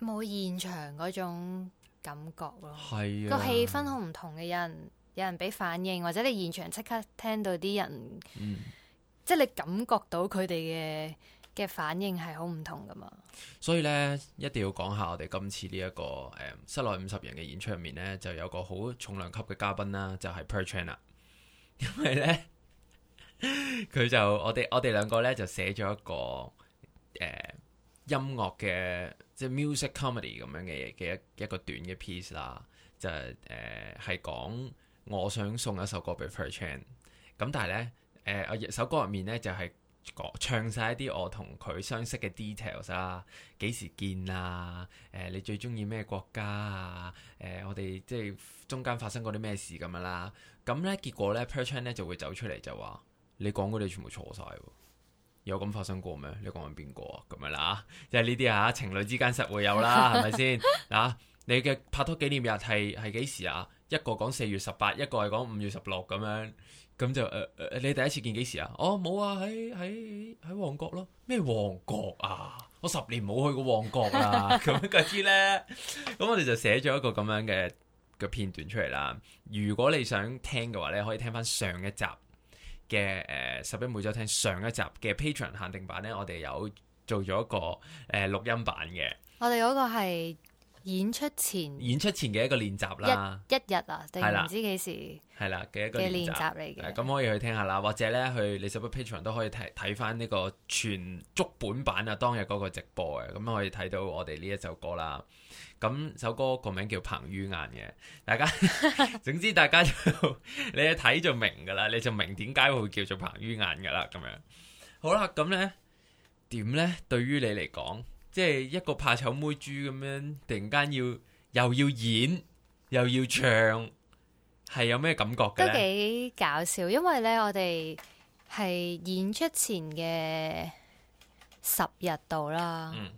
冇現場嗰種。感覺咯，個、啊、氣氛好唔同嘅，有人有人俾反應，或者你現場即刻聽到啲人，嗯、即係你感覺到佢哋嘅嘅反應係好唔同㗎嘛、嗯。所以呢，一定要講下我哋今次呢、這、一個誒、呃、室內五十人嘅演出入面呢，就有個好重量級嘅嘉賓啦，就係、是、Per Chan，因為呢，佢 <laughs> <laughs> 就我哋我哋兩個呢，就寫咗一個誒、呃音樂嘅即係 music comedy 咁樣嘅嘢嘅一一,一個短嘅 piece 啦，就係誒係講我想送一首歌俾 Per Chan，咁但係呢，誒我首歌入面呢就係、是、講唱晒一啲我同佢相識嘅 details 啦、啊，幾時見啊？誒、呃、你最中意咩國家啊？誒、呃、我哋即係中間發生過啲咩事咁、啊、啦。咁呢結果呢 Per Chan 呢就會走出嚟就話你講嗰啲全部錯晒。有咁發生過咩？你講緊邊個啊？咁樣啦，即係呢啲啊，情侶之間實會有啦，係咪先？嗱，你嘅拍拖紀念日係係幾時啊？一個講四月十八，一個係講五月十六咁樣，咁就誒誒、呃呃，你第一次見幾時啊？哦，冇啊，喺喺喺旺角咯。咩旺角啊？我十年冇去過旺角啦。咁嗰啲咧，咁我哋就寫咗一個咁樣嘅嘅片段出嚟啦。如果你想聽嘅話咧，可以聽翻上一集。嘅誒、呃、拾壹每週聽上一集嘅 Patreon 限定版咧，我哋有做咗一個誒、呃、錄音版嘅。我哋嗰個係，演出前演出前嘅一個練習啦一，一日啊，定唔知幾時係啦嘅一個練習嚟嘅。咁可以去聽下啦，或者咧去 YouTube page 上都可以睇睇翻呢個全足本版啊，當日嗰個直播嘅，咁可以睇到我哋呢一首歌啦。咁首歌個名叫彭于晏嘅，大家 <laughs> <laughs> 總之大家就你一睇就明噶啦，你就明點解會叫做彭于晏噶啦。咁樣好啦，咁咧，點咧？對於你嚟講？即係一個怕醜妹豬咁樣，突然間要又要演又要唱，係有咩感覺嘅咧？都幾搞笑，因為咧我哋係演出前嘅十日度啦，嗯、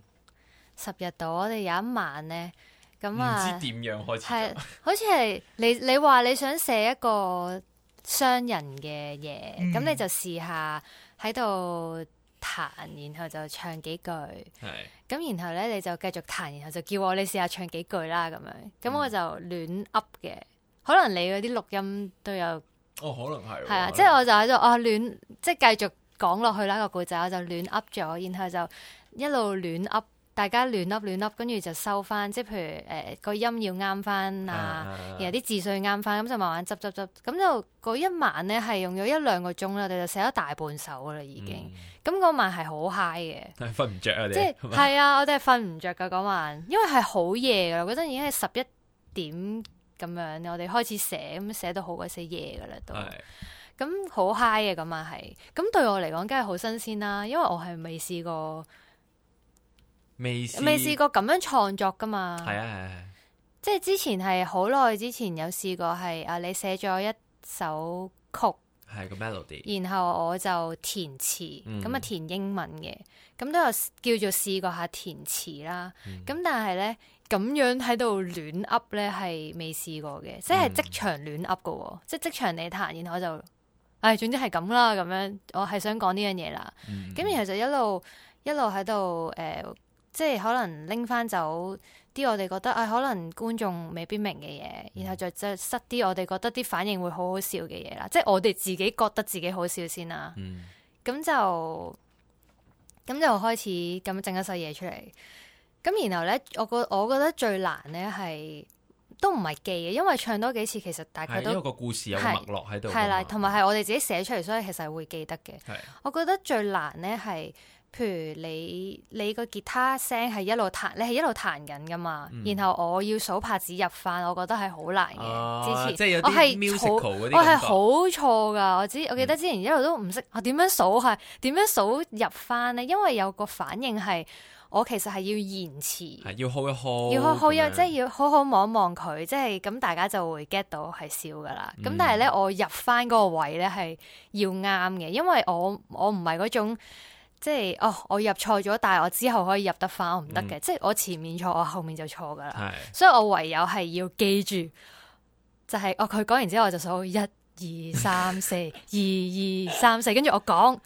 十日度我哋有一晚咧，咁啊唔知點樣開始是。係， <laughs> 好似係你你話你想寫一個雙人嘅嘢，咁、嗯、你就試下喺度。彈，然後就唱幾句，咁是然後咧你就繼續彈，然後就叫我你試下唱幾句啦咁樣，咁、嗯、我就亂 up 嘅，可能你嗰啲錄音都有，哦可能係，係啊，能即係我就喺度啊亂，即係繼續講落去啦、這個故仔，我就亂 up 咗，然後就一路亂 up。大家亂凹亂凹，跟住就收翻，即係譬如誒個、呃、音要啱翻啊，啊然，然後啲字數要啱翻，咁就慢慢執執執，咁就嗰一晚咧係用咗一兩個鐘啦，我哋就寫咗大半首啦已經，咁嗰、嗯、晚係好 high 嘅，瞓唔着啊！即係係啊，我哋係瞓唔着噶嗰晚，因為係好夜噶啦，嗰陣已經係十一點咁樣，我哋開始寫，咁寫到好鬼死夜噶啦都，咁好、哎、high 嘅咁晚係，咁對我嚟講梗係好新鮮啦，因為我係未試過。未試，未試過咁樣創作噶嘛？係啊係係，即係之前係好耐之前有試過係啊，你寫咗一首曲，係個 melody，然後我就填詞，咁啊填英文嘅，咁都有叫做試過下填詞啦。咁但係咧咁樣喺度亂 up 咧係未試過嘅，即係即場亂 up 噶，即係即場你彈，然後我就，唉，總之係咁啦，咁樣我係想講呢樣嘢啦。咁然後就一路一路喺度誒。即係可能拎翻走啲我哋覺得啊，可能觀眾未必明嘅嘢，嗯、然後就就塞啲我哋覺得啲反應會好好笑嘅嘢啦。嗯、即係我哋自己覺得自己好笑先啦、啊。咁、嗯、就咁就開始咁整一首嘢出嚟。咁然後呢，我覺我覺得最難呢係都唔係記嘅，因為唱多幾次其實大家都因為個故事有個脈絡喺度是，係啦在，同埋係我哋自己寫出嚟，所以其實會記得嘅。的的我覺得最難呢係。譬如你你個吉他聲係一路彈，你係一路彈緊噶嘛？嗯、然後我要數拍子入翻，我覺得係好難嘅。啊、之前我係我係好錯噶，我知我記得之前一路都唔識我點樣數係點樣數入翻呢？因為有個反應係我其實係要延遲，係要 hold 一 hold，要 hold 一即係要好好望一望佢，即係咁大家就會 get 到係笑噶啦。咁、嗯、但係咧，我入翻嗰個位咧係要啱嘅，因為我因為我唔係嗰種。即係哦，我入錯咗，但係我之後可以入得翻，我唔得嘅，嗯、即係我前面錯，我後面就錯噶啦。是所以我唯有係要記住，就係、是、哦，佢講完之後我就數一 <laughs> 二三四，二二三四，跟住我講，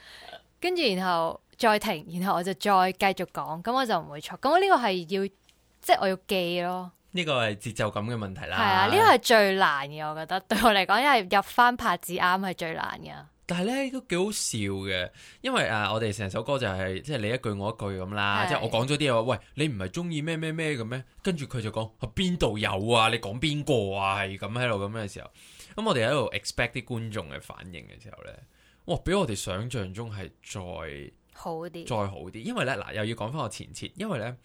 跟住然後再停，然後我就再繼續講，咁我就唔會錯。咁我呢個係要，即係我要記咯。呢個係節奏感嘅問題啦。係啊，呢、呢個係最難嘅，我覺得對我嚟講，因為入翻拍子啱係最難嘅。但係咧，都幾好笑嘅，因為誒、啊、我哋成首歌就係、是、即係你一句我一句咁啦，即係我講咗啲嘢，喂，你唔係中意咩咩咩咁咩？跟住佢就講，邊、啊、度有啊？你講邊個啊？係咁喺度咁嘅時候，咁我哋喺度 expect 啲觀眾嘅反應嘅時候咧，哇，比我哋想象中係再，些再好啲，再好啲，因為咧嗱又要講翻我前設，因為咧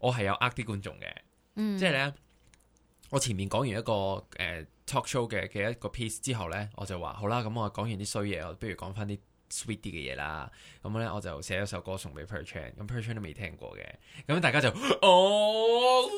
我係有呃啲觀眾嘅，即係咧我前面講完一個誒。呃 Talk show 嘅嘅一個 piece 之後呢，我就話好啦，咁、嗯、我講完啲衰嘢，我不如講翻啲 sweet 啲嘅嘢啦。咁、嗯、呢，我就寫咗首歌送俾 Per Chan，咁、嗯、Per Chan 都未聽過嘅，咁、嗯、大家就哦。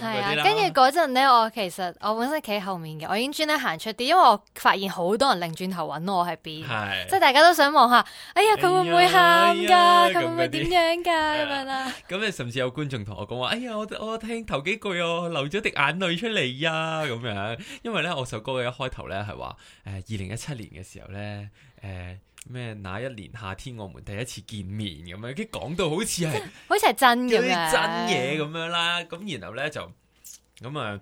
係啊，跟住嗰陣咧，我其實我本身企喺後面嘅，我已經專登行出啲，因為我發現好多人擰轉頭搵我喺邊，B, 是的 即係大家都想望下，哎呀佢會唔會喊㗎？佢、哎哎、會唔會點樣㗎咁樣啦。咁你、啊啊、甚至有觀眾同我講話，哎呀，我我聽頭幾句哦，流咗滴眼淚出嚟啊，咁樣，因為咧我首歌嘅一開頭咧係話，誒，二零一七年嘅時候咧，誒、呃。咩？那一年夏天，我們第一次見面咁樣， <laughs> 真樣，跟講到好似係，好似係真咁真嘢，咁樣啦。咁然後咧就，咁啊，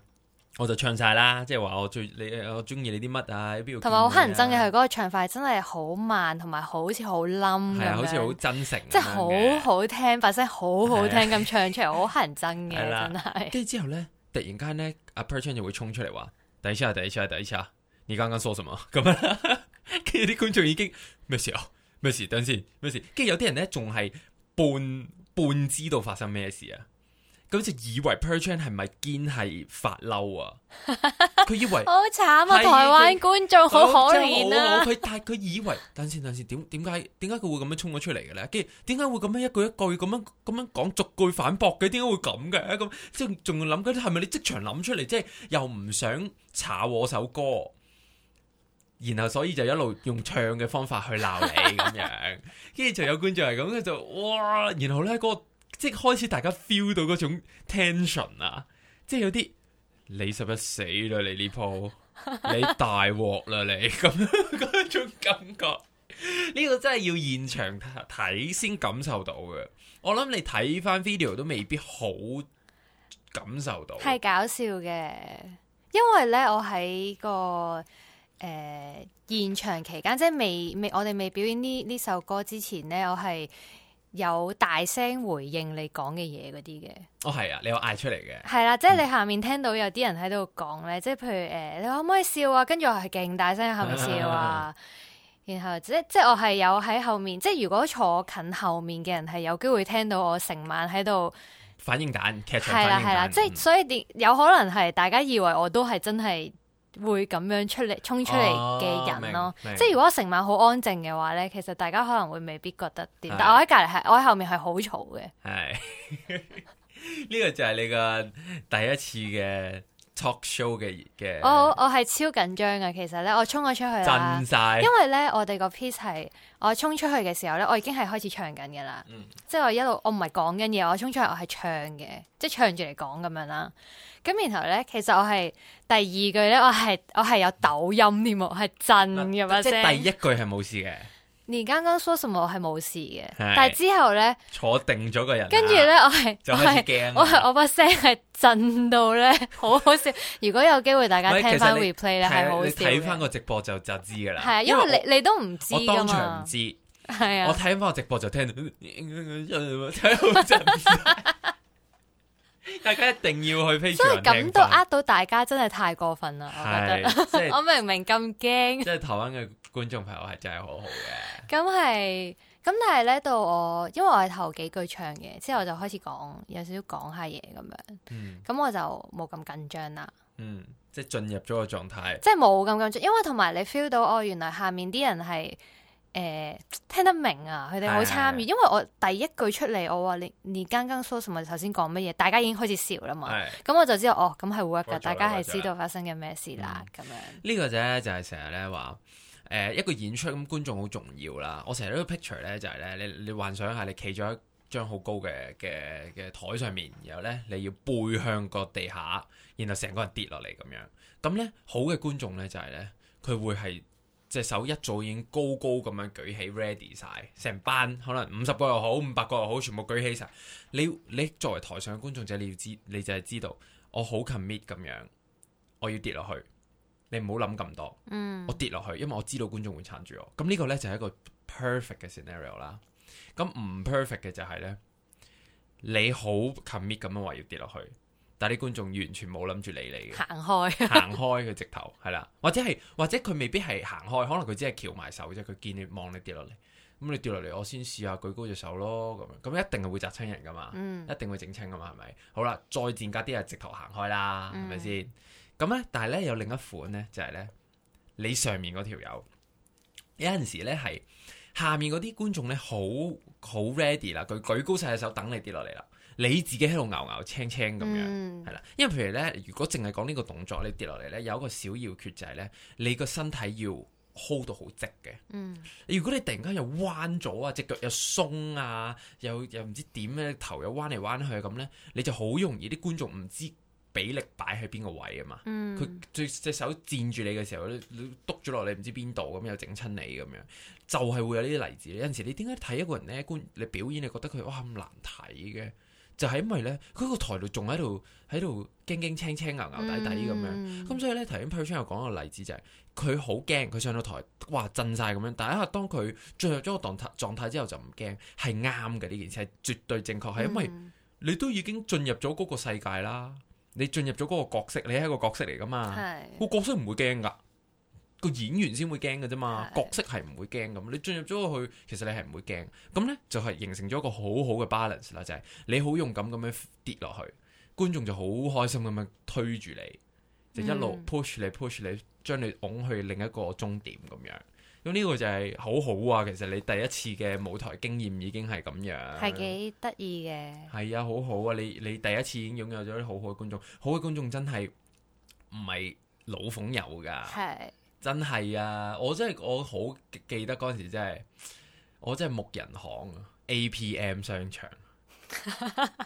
我就唱晒啦。即係話我最你我中意你啲乜啊，邊度？同埋好乞人憎嘅佢嗰個唱法，真係好慢，同埋好似對樣好冧咁啊，好似好真誠，即係好好聽，把聲好好聽咁唱出嚟，好乞 <laughs> 人憎嘅，真係。跟住之後咧，突然間咧，阿 Per Chan 就會衝出嚟話，等一下、啊，等一下、啊，等一下、啊啊，你剛剛說什麼？咁樣，樣。 <laughs> <laughs> 跟住啲觀眾已經咩事啊？咩、哦、事？等先，咩事？跟住有啲人咧，仲係半半知道發生咩事啊？咁就以為 Per Chan 係咪堅係發嬲啊？佢 <laughs> 以為好慘啊！台灣觀眾好可憐啊！佢、哦啊、但係佢以為等先等先，點點解點解佢會咁樣衝咗出嚟嘅咧？跟住點解會咁樣一句一句咁樣咁樣講逐句反駁嘅？點解會咁嘅？咁即係仲要諗緊係咪你即場諗出嚟？即係又唔想炒我首歌？然後所以就一路用唱嘅方法去鬧你咁樣，跟住就有觀眾係咁，就哇！然後咧嗰、嗰個、即係開始大家 feel 到嗰種 tension 啊，即係有啲你十一死啦，你呢鋪你， <laughs> 你大鑊啦，你咁樣嗰種感覺。呢、呢個真係要現場睇先感受到嘅。我諗你睇翻 video 都未必好感受到。係搞笑嘅，因為咧我喺個。誒、呃、現場期間，即係未未，我哋未表演呢呢首歌之前咧，我係有大聲回應你講嘅嘢嗰啲嘅。哦，係啊，你有嗌出嚟嘅。係啦、啊，即係你下面聽到有啲人喺度講咧，嗯、即係譬如誒，你可唔可以笑啊？跟住我係勁大聲喺度笑啊！ <laughs> 然後即即我係有喺後面，即係如果坐近後面嘅人係有機會聽到我成晚喺度反應緊，劇場反應緊。係啦，係啦，即係所以有可能係大家以為我都係真係。會咁樣出嚟衝出嚟嘅人咯，即係如果成晚好安靜嘅話咧，其實大家可能會未必覺得點，是但我喺隔籬係，我喺後面係好嘈嘅。係是，呢個就係你個第一次嘅。talk show 嘅嘅，我我係超緊張㗎，其實咧我衝咗出去震晒了！因為咧我哋個 piece 係我衝出去嘅時候咧，我已經係開始唱緊㗎啦，嗯、即係我一路我唔係講緊嘢，我衝出去我係唱嘅，即係唱住嚟講咁樣啦。咁然後咧，其實我係第二句咧，我係我係有抖音添喎，係、嗯、震咁啊！即係第一句係冇事嘅。而剛剛說什麼係冇事嘅，但係之後咧坐定咗個人，跟住咧我係驚，我係我把聲係震到咧，好好笑。如果有機會大家聽翻 replay 咧，係好笑。睇翻個直播就就知噶啦。係啊，因為你你都唔知噶嘛。我當場唔知，係啊。我睇翻個直播就聽到，大家一定要去 Facebook。所以咁都呃到大家，真係太過分啦！我覺得，我明明咁驚。即係台灣嘅。觀眾朋友係真係好好嘅，咁係，咁但係咧到我，因為我係頭幾句唱嘅，之後我就開始講，有少少講下嘢咁樣，嗯，咁我就冇咁緊張啦，嗯，即係進入咗個狀態，即係冇咁緊張，因為同埋你 feel 到哦，原來下面啲人係誒、呃、聽得明啊，佢哋冇參與，的因為我第一句出嚟我話你你剛剛說什麼，頭先講乜嘢，大家已經開始笑啦嘛，咁的、嗯、我就知道哦，咁係 work 噶大家係知道發生緊咩事啦，咁、嗯、樣。呢個就咧就係成日咧話。誒、呃、一個演出咁，觀眾好重要啦。我成日都 picture 咧，就係、是、咧，你你幻想下，你企咗喺一張好高嘅嘅嘅台上面，然後咧你要背向個地下，然後成個人跌落嚟咁樣。咁咧好嘅觀眾咧就係、是、咧，佢會係隻手一早已經高高咁樣舉起 ready 晒，成班可能五十個又好，五百個又好，全部舉起晒。你你作為台上嘅觀眾者，你要知你就係知道，我好 commit 咁樣，我要跌落去。你唔好諗咁多，嗯、我跌落去，因為我知道觀眾會撐住我。咁呢個呢，就係、是、一個 perfect 嘅 scenario 啦。咁唔 perfect 嘅就係呢：你好 commit 咁樣話要跌落去，但係啲觀眾完全冇諗住理你嘅，行走開，行 <laughs> 開，佢直頭係啦，或者係或者佢未必係行開，可能佢只係翹埋手啫。佢見你望你跌落嚟，咁你跌落嚟，我先試下舉高隻手咯，咁樣，咁一定係會砸親人噶嘛，一定會整親噶嘛，係咪、嗯？好啦，再戰加啲人直頭行開啦，係咪先？咁咧，但係咧有另一款咧，就係咧，你上面嗰條友有陣時咧係下面嗰啲觀眾咧好好 ready 啦，佢舉高晒隻手等你跌落嚟啦，你自己喺度牛牛青青咁樣係啦。嗯，因為譬如咧，如果淨係講呢個動作，你跌落嚟咧有一個小要訣就係咧，你個身體要 hold 到好直嘅。嗯，如果你突然間又彎咗啊，隻腳又鬆啊，又又唔知點咧，頭又彎嚟彎去咁咧，你就好容易啲觀眾唔知。比例擺喺邊個位嘅嘛？佢隻、嗯、手佔住你嘅時候，你督咗落你唔知邊度咁，又整親你咁樣，就係、是、會有呢啲例子。有陣時你點解睇一個人咧？觀你表演，你覺得佢哇咁難睇嘅，就係、是、因為咧，佢、那個台度仲喺度喺度驚驚青青，青、牛牛底底咁樣。咁、嗯、所以咧，提先 p e 又講一個例子、就是，就係佢好驚，佢上到台哇震晒咁樣。但係當佢進入咗個狀態之後就，就唔驚，係啱嘅呢件事，係絕對正確，係因為你都已經進入咗嗰個世界啦。嗯你進入咗嗰個角色，你係一個角色嚟噶嘛？個的角色唔會驚噶，個演員先會驚噶啫嘛。的角色係唔會驚咁，你進入咗去，其實你係唔會驚。咁呢，就係、是、形成咗一個好好嘅 balance 啦，就係、是、你好勇敢咁樣跌落去，觀眾就好開心咁樣推住你，就一路 push 你 push 你，將你拱去另一個終點咁樣。咁呢個就係好好啊！其實你第一次嘅舞台經驗已經係咁樣，係幾得意嘅。係啊，好好啊！你你第一次已經擁有咗啲好好嘅觀眾，好嘅觀眾真係唔係老馮友㗎，係是真係啊！我真係我好記得嗰陣時真，真係我真係牧人行 APM 商場。 <laughs>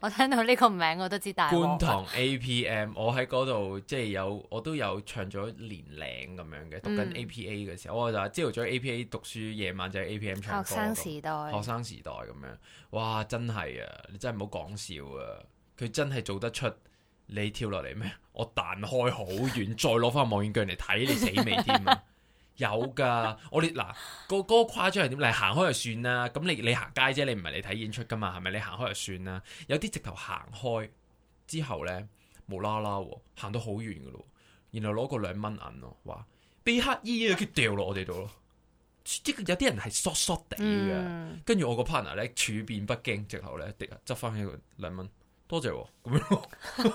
我聽到呢個名我都知大。觀塘 APM， <laughs> 我喺嗰度即係有，我都有唱咗年零咁樣嘅，讀緊 APA 嘅時候、嗯、我就朝頭早 APA 讀書，夜晚就係 APM 唱。學生時代。學生時代咁樣，哇真係啊！你真係唔好講笑啊！佢真係做得出你跳落嚟咩？我彈開好遠，再攞翻望遠鏡嚟睇你死未添啊！ <laughs> 有噶，我哋嗱個嗰個誇張係點？你行開就算啦，咁你你行街啫，你唔係嚟睇演出噶嘛，係咪？你行開就算啦。有啲直頭行開之後咧，無啦啦行到好遠嘅咯，然後攞個兩蚊銀咯，話被乞兒啊，跌掉落我哋度咯。即係有啲人係 short short 哋嘅，跟住我個 partner 咧，處變不驚，直頭咧滴執翻起個兩蚊。多謝，咁樣呵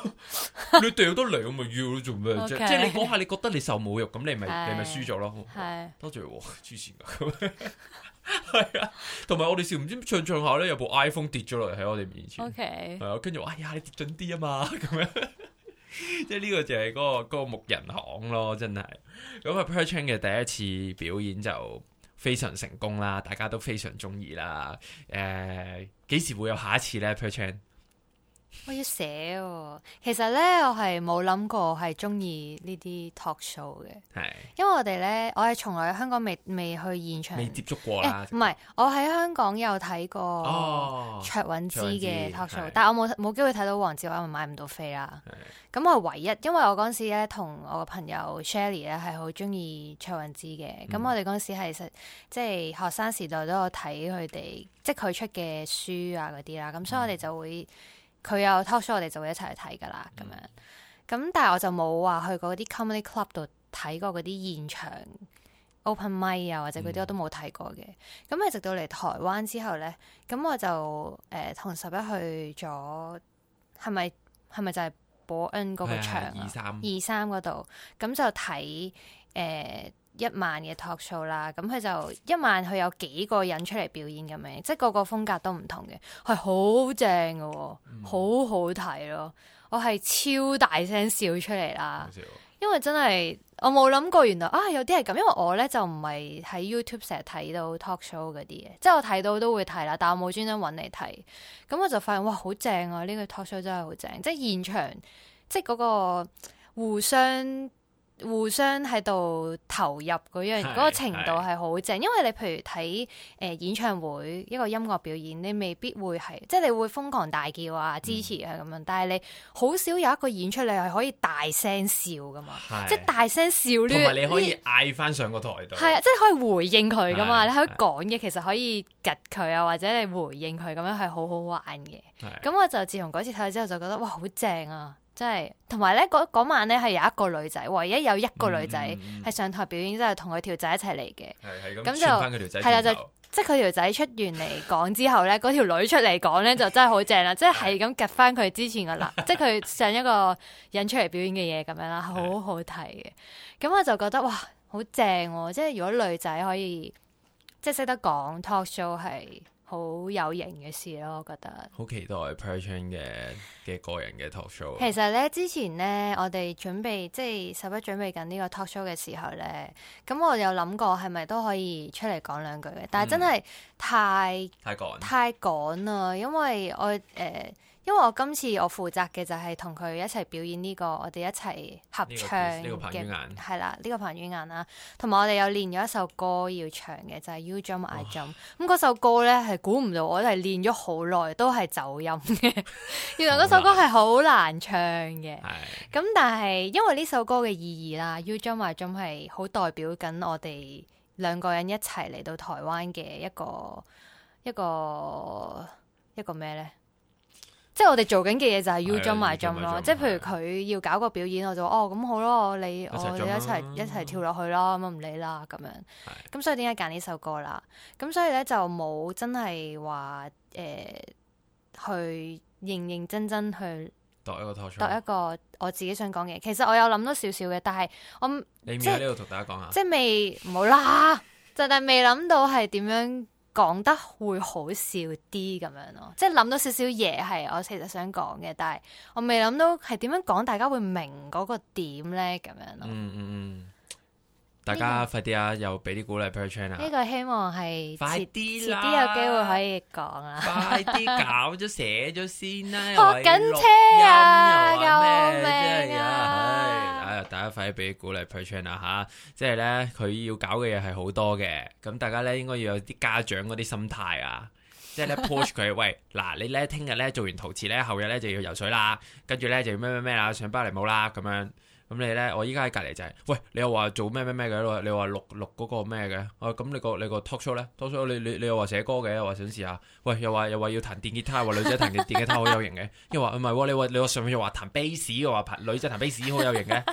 呵你掉多兩咪要咯，做咩啫？Okay. 即係你講下，你覺得你受侮辱，咁你咪 <noise> 你咪輸咗咯。係 <noise> <noise> 多謝，之前係啊，同埋我哋唔知唱一唱下咧，有部 iPhone 跌咗落嚟喺我哋面前。係啊 Okay.，跟住哎呀，你跌準啲啊嘛，咁樣即係呢個就係嗰個嗰個木人行咯，真係。咁啊 Per Chan 嘅第一次表演就非常成功啦，大家都非常中意啦。誒、呃，幾時會有下一次咧 Per Chan 我要寫、啊，其實咧我係冇諗過係中意呢啲 talk show 嘅，係是，因為我哋咧我係從來香港未未去現場，未接觸過唔係，欸,我喺香港有睇過，哦、卓韻芝嘅 talk show，但係我冇冇機會睇到黃子華，咪買唔到飛啦。咁是我唯一，因為我嗰時咧同我個朋友 Shelly 咧係好中意卓韻芝嘅，咁、嗯、我哋嗰時係實即係學生時代都有睇佢哋，即係佢出嘅書啊嗰啲啦，咁所以我哋就會。嗯佢有 talk show，我哋就會一齊去睇噶啦，咁樣、嗯。咁但係我就冇話去過嗰啲 comedy club 度睇過嗰啲現場 open mic 啊，或者嗰啲、嗯、我都冇睇過嘅。咁係直到嚟台灣之後咧，咁我就誒、呃、同十一去咗，係咪係咪就係伯恩嗰個場二三二三嗰度，咁就睇誒、呃一晚嘅 talk show 啦，咁佢就一晚佢有幾個人出嚟表演咁樣，即係個個風格都唔同嘅，係、哦嗯、好正嘅，好好睇咯！我係超大聲笑出嚟啦， <laughs> 因為真係我冇諗過原來啊有啲係咁，因為我咧就唔係喺 YouTube 成日睇到 talk show 嗰啲嘢，即係我睇到都會睇啦，但我冇專登揾嚟睇，咁我就發現哇好正啊！呢、呢個 talk show 真係好正，即係現場即係嗰個互相，互相喺度投入嗰樣嗰個程度係好正，因為你譬如睇誒演唱會一個音樂表演，你未必會係即係你會瘋狂大叫啊支持啊咁樣，嗯、但係你好少有一個演出你係可以大聲笑噶嘛，是即係大聲笑咧。同埋你可以嗌翻上個台度，係啊，即係可以回應佢噶嘛，你可以講嘢，其實可以窒佢啊，或者你回應佢咁樣係好好玩嘅。咁是我就自從嗰次睇咗之後，就覺得哇好正啊！即係，同埋咧嗰晚咧係有一個女仔，唯一有一個女仔喺上台表演之後，同佢條仔一齊嚟嘅。咁，就翻啦，就即係佢條仔出完嚟講之後咧，嗰條女出嚟講咧就真係好正啦！即係係咁夾翻佢之前個男，即係佢上一個引出嚟表演嘅嘢咁樣啦，好好睇嘅。咁我就是、覺得哇，好正、哦！即係如果女仔可以即係識得講 talk show 係。好有型嘅事咯、啊，我覺得好期待 Per Chan 嘅嘅個人嘅 talk show。其實呢，之前呢，我哋準備即係拾壹準備緊呢個 talk show 嘅時候呢，咁我有諗過係咪都可以出嚟講兩句嘅，但係真係太、嗯、太趕太趕啦，因為我誒。呃因為我今次我負責嘅就係同佢一齊表演呢、這個，我哋一齊合唱嘅，係、這個這個、啦，呢、這個彭于晏啦，同埋我哋有練咗一首歌要唱嘅，就係、是、U Jump I Jump 咁嗰首歌呢，係估唔到我練，我哋係練咗好耐都係走音嘅。原來嗰首歌係好難唱嘅。咁 <laughs> 久但係因為呢首歌嘅意義啦 <laughs> ，U Jump I Jump 係好代表緊我哋兩個人一齊嚟到台灣嘅一個一個一個咩呢？即係我哋做緊嘅嘢就係 you jump 埋 jump 咯，or Jump, 即係譬如佢要搞個表演，的我就哦，咁好咯，你我哋一齊、啊、一齊跳落去啦，咁啊唔理啦咁樣。咁的所以點解揀呢首歌啦。咁所以咧，就冇真係話誒去認認真真去度一個托床，度一個我自己想講嘅。其實我有諗多少少嘅，但係我你未喺呢度同大家講下，即係未唔好啦，即係 <laughs> 未諗到係點樣。講得會好笑啲咁樣咯，即係諗到少少嘢係我其實想講嘅，但係我未諗到係點樣講，大家會明嗰個點咧咁樣咯。嗯嗯嗯，大家快啲啊，這個、又俾啲鼓勵 Per Chan。呢個希望係快啲，遲啲有機會可以講啊！ <laughs> 快啲搞咗寫咗先啦、啊，學緊 <laughs> 車啊！救命啊！大家快啲俾鼓勵 Per Chan 啊吓，即係呢，佢要搞嘅嘢係好多嘅，咁大家呢應該要有啲家長嗰啲心態啊，即係呢 push 佢， <laughs> 喂嗱你呢聽日呢做完陶瓷呢，後日呢就要游水啦，跟住呢就要咩咩咩啦，上芭蕾舞啦咁樣。咁你咧，我依家喺隔籬就係、是，喂，你又話做咩咩咩嘅，你又話錄錄嗰個咩嘅，咁、啊、你個你個 talk show 咧，talk show，你你你又話寫歌嘅，又話想試下，喂，又話又話要彈電吉他，話女仔彈電吉他好有型嘅， <laughs> 又話唔係，你你話上面又話彈 bass，話拍女仔彈 bass 好有型嘅，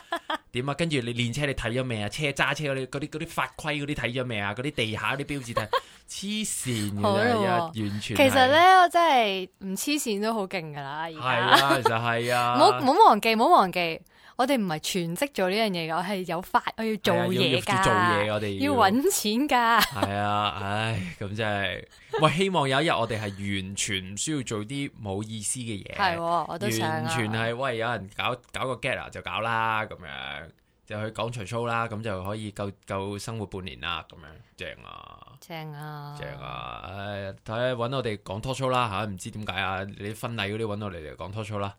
點 <laughs> 啊？跟住你練車，車，你睇咗未啊？車揸車嗰啲嗰啲啲法規嗰啲睇咗未啊？嗰啲地下嗰啲標誌燈，黐線嘅，完全。其實咧，真係唔黐線都好勁噶啦，而家。係啊，其實係啊。唔好唔好忘記，唔好忘記。我哋唔係全職做呢樣嘢，我係有法我要做嘢噶，啊、做嘢，我哋要搵錢噶。係啊，唉，咁即係， <laughs> 喂，希望有一日我哋係完全唔需要做啲冇意思嘅嘢，係、哦，我、啊、完全係喂，有人搞搞個 get、啊、就搞啦，咁樣就去講 talk show 啦，咁就可以夠夠生活半年啦，咁樣，正啊，正啊，正啊，唉，睇下揾我哋講 talk show 啦吓，唔知點解啊？你婚禮嗰啲揾我哋嚟講 talk show 啦。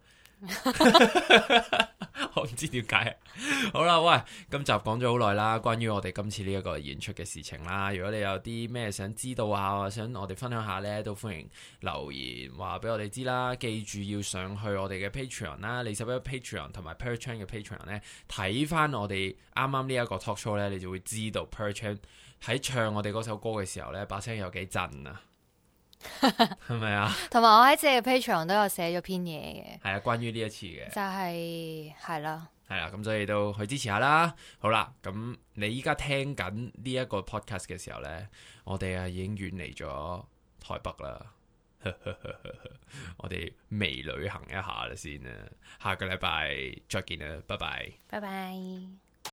<laughs> <laughs> 我唔知點解。 <laughs> 好啦，喂，今集講咗好耐啦，關於我哋今次呢一個演出嘅事情啦。如果你有啲咩想知道啊，或者想我哋分享下呢，都歡迎留言話俾我哋知啦。記住要上去我哋嘅 Patreon 啦，李拾壹 Patreon 同埋 Per Chan 嘅 Patreon 呢，睇翻我哋啱啱呢一個 talk show 呢，你就會知道 Per Chan 喺唱我哋嗰首歌嘅時候呢，把聲有幾震啊！係咪啊？同埋 <laughs> <laughs> 我喺自己的 Patreon 都有寫咗篇嘢嘅，係啊，關於呢一次嘅、就是，就係係咯，係啦，咁所以都去支持下啦。好啦，咁你依家聽緊呢一個 podcast 嘅時候呢，我哋啊已經遠離咗台北啦， <laughs> 我哋未旅行一下先啦先啊，下個禮拜再見啦，拜拜，拜拜。